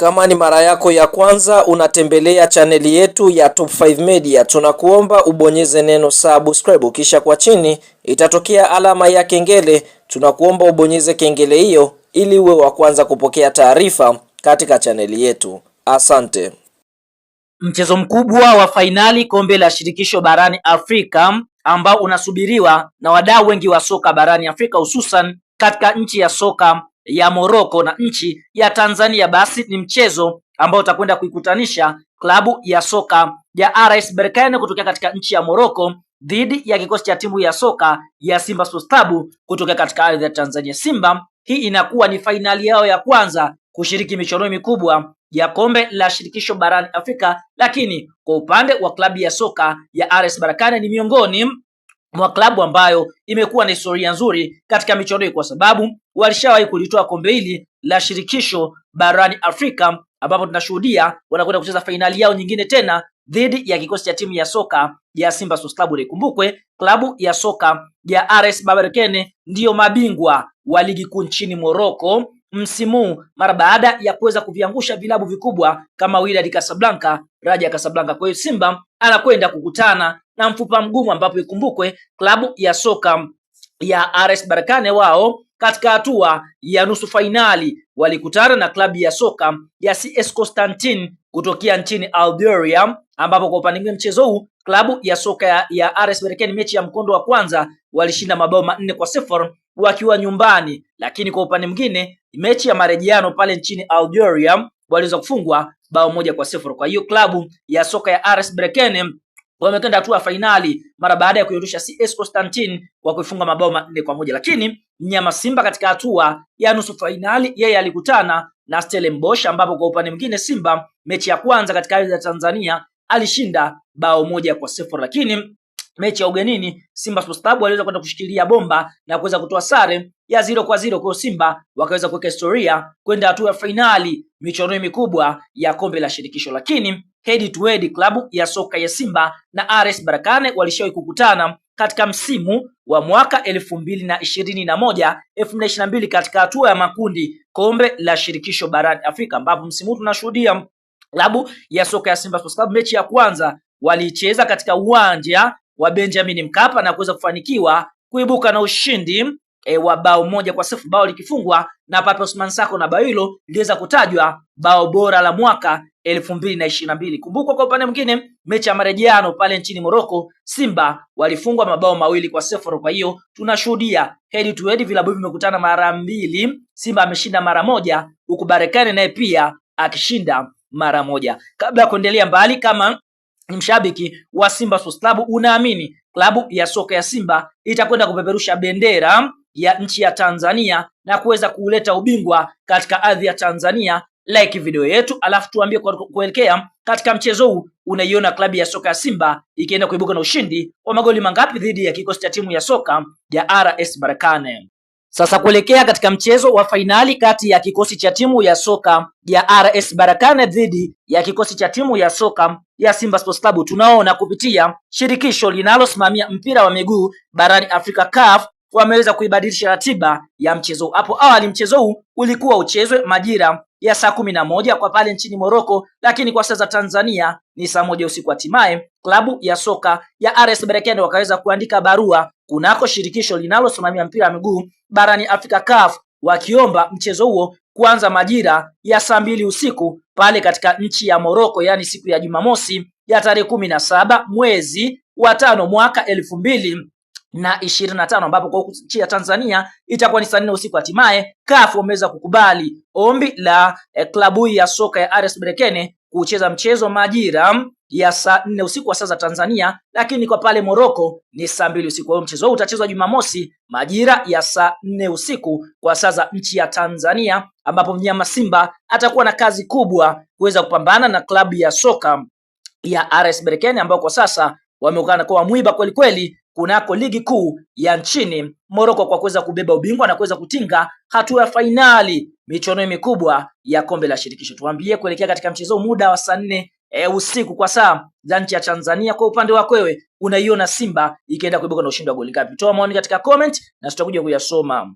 Kama ni mara yako ya kwanza unatembelea chaneli yetu ya Top 5 Media, tunakuomba ubonyeze neno subscribe, kisha kwa chini itatokea alama ya kengele. Tunakuomba ubonyeze kengele hiyo ili uwe wa kwanza kupokea taarifa katika chaneli yetu. Asante. Mchezo mkubwa wa fainali kombe la shirikisho barani Afrika ambao unasubiriwa na wadau wengi wa soka barani Afrika hususan katika nchi ya soka ya Morocco na nchi ya Tanzania, basi ni mchezo ambao utakwenda kuikutanisha klabu ya soka ya RS Berkane kutokea katika nchi ya Morocco dhidi ya kikosi cha timu ya soka ya Simba Sports Club kutokea katika ardhi ya Tanzania. Simba hii inakuwa ni fainali yao ya kwanza kushiriki michuano mikubwa ya kombe la shirikisho barani Afrika, lakini kwa upande wa klabu ya soka ya RS Berkane ni miongoni mwa klabu ambayo imekuwa na historia nzuri katika michuano hii kwa sababu walishawahi kulitoa kombe hili la shirikisho barani Afrika, ambapo tunashuhudia wanakwenda kucheza fainali yao nyingine tena dhidi ya kikosi cha timu ya soka ya Simba Sports Club. Ikumbukwe klabu ya soka ya RS Berkane ndiyo mabingwa wa ligi kuu nchini Morocco msimu mara baada ya kuweza kuviangusha vilabu vikubwa kama Wydad Casablanca, Raja Casablanca. Kwa hiyo Simba anakwenda kukutana na mfupa mgumu, ambapo ikumbukwe klabu ya soka ya RS Berkane wao katika hatua ya nusu fainali walikutana na klabu ya soka ya CS Constantine kutokea nchini Algeria, ambapo kwa upande mwingine mchezo huu klabu ya soka ya, ya RS Berkane mechi ya mkondo wa kwanza walishinda mabao manne kwa sifuri wakiwa nyumbani, lakini kwa upande mwingine mechi ya marejeano pale nchini Algeria waliweza kufungwa bao moja kwa sifuri. Kwa hiyo klabu ya soka ya RS Berkane wamekwenda hatua fainali mara baada ya kuirusha CS Constantine kwa kuifunga mabao manne kwa moja, lakini mnyama Simba katika hatua ya nusu fainali yeye alikutana na Stellenbosch, ambapo kwa upande mwingine Simba mechi ya kwanza katika ardhi ya Tanzania alishinda bao moja kwa sifuri, lakini mechi ya ugenini Simba Sports Club waliweza kwenda kushikilia bomba na kuweza kutoa sare ya zero kwa zero, kwa Simba wakaweza kuweka historia kwenda hatua ya fainali michuano mikubwa ya kombe la shirikisho. Lakini head to head, klabu ya soka ya Simba na RS Berkane walishawahi kukutana katika msimu wa mwaka elfu mbili na ishirini na moja elfu mbili na ishirini na mbili katika hatua ya makundi kombe la shirikisho barani Afrika, ambapo msimu huu tunashuhudia klabu ya soka ya Simba Sports Club mechi ya kwanza waliicheza katika uwanja wa Benjamin Mkapa na kuweza kufanikiwa kuibuka na ushindi e, wa bao moja kwa sifuri, bao likifungwa na Pape Osman Sako na bao hilo liweza kutajwa bao bora la mwaka elfu mbili na ishirini na mbili. Kumbukwa kwa upande mwingine, mechi ya marejeano pale nchini Morocco, Simba walifungwa mabao mawili kwa sifuri. Kwa hiyo tunashuhudia head to head vilabu vimekutana mara mbili, Simba ameshinda mara moja, huku Barekani naye pia akishinda mara moja. Kabla ya kuendelea mbali, kama ni mshabiki wa Simba Sports Club, unaamini klabu ya soka ya Simba itakwenda kupeperusha bendera ya nchi ya Tanzania na kuweza kuleta ubingwa katika ardhi ya Tanzania? Like video yetu, alafu tuambie kuelekea katika mchezo huu unaiona klabu ya soka ya Simba ikienda kuibuka na ushindi wa magoli mangapi dhidi ya kikosi cha timu ya soka ya RS Berkane? Sasa kuelekea katika mchezo wa fainali kati ya kikosi cha timu ya soka ya RS Barakane dhidi ya kikosi cha timu ya soka ya Simba Sports Club, tunaona kupitia shirikisho linalosimamia mpira wa miguu barani Afrika CAF wameweza kuibadilisha ratiba ya mchezo. Hapo awali mchezo huu ulikuwa uchezwe majira ya saa kumi na moja kwa pale nchini Morocco, lakini kwa saa za Tanzania ni saa moja usiku. Hatimaye klabu ya soka ya RS Berkane wakaweza kuandika barua kunako shirikisho linalosimamia mpira wa miguu barani Afrika CAF wakiomba mchezo huo kuanza majira ya saa mbili usiku pale katika nchi ya Moroko, yaani siku ya Jumamosi ya tarehe kumi na saba mwezi wa tano mwaka elfu mbili na ishirini na tano ambapo kwa nchi ya Tanzania itakuwa ni saa nne usiku. Hatimaye CAF wameweza kukubali ombi la eh, klabu ya soka ya RS Berkane kucheza mchezo majira ya saa nne usiku wa saa za Tanzania, lakini kwa pale Morocco ni saa mbili usiku. Kwa hiyo mchezo huu utachezwa Jumamosi majira ya saa nne usiku kwa saa za nchi ya Tanzania, ambapo mnyama Simba atakuwa na kazi kubwa kuweza kupambana na klabu ya soka ya RS Berkane ambao kwa sasa wameonekana kuwa mwiba kweli kweli kunako ligi kuu ya nchini Morocco kwa kuweza kubeba ubingwa na kuweza kutinga hatua ya fainali michuano mikubwa ya kombe la shirikisho. Tuambie kuelekea katika mchezo muda wa saa nne e, usiku kwa saa za nchi ya Tanzania, kwa upande wako wewe unaiona Simba ikienda kuibuka na ushindi wa goli ngapi? Toa maoni katika comment na tutakuja kuyasoma.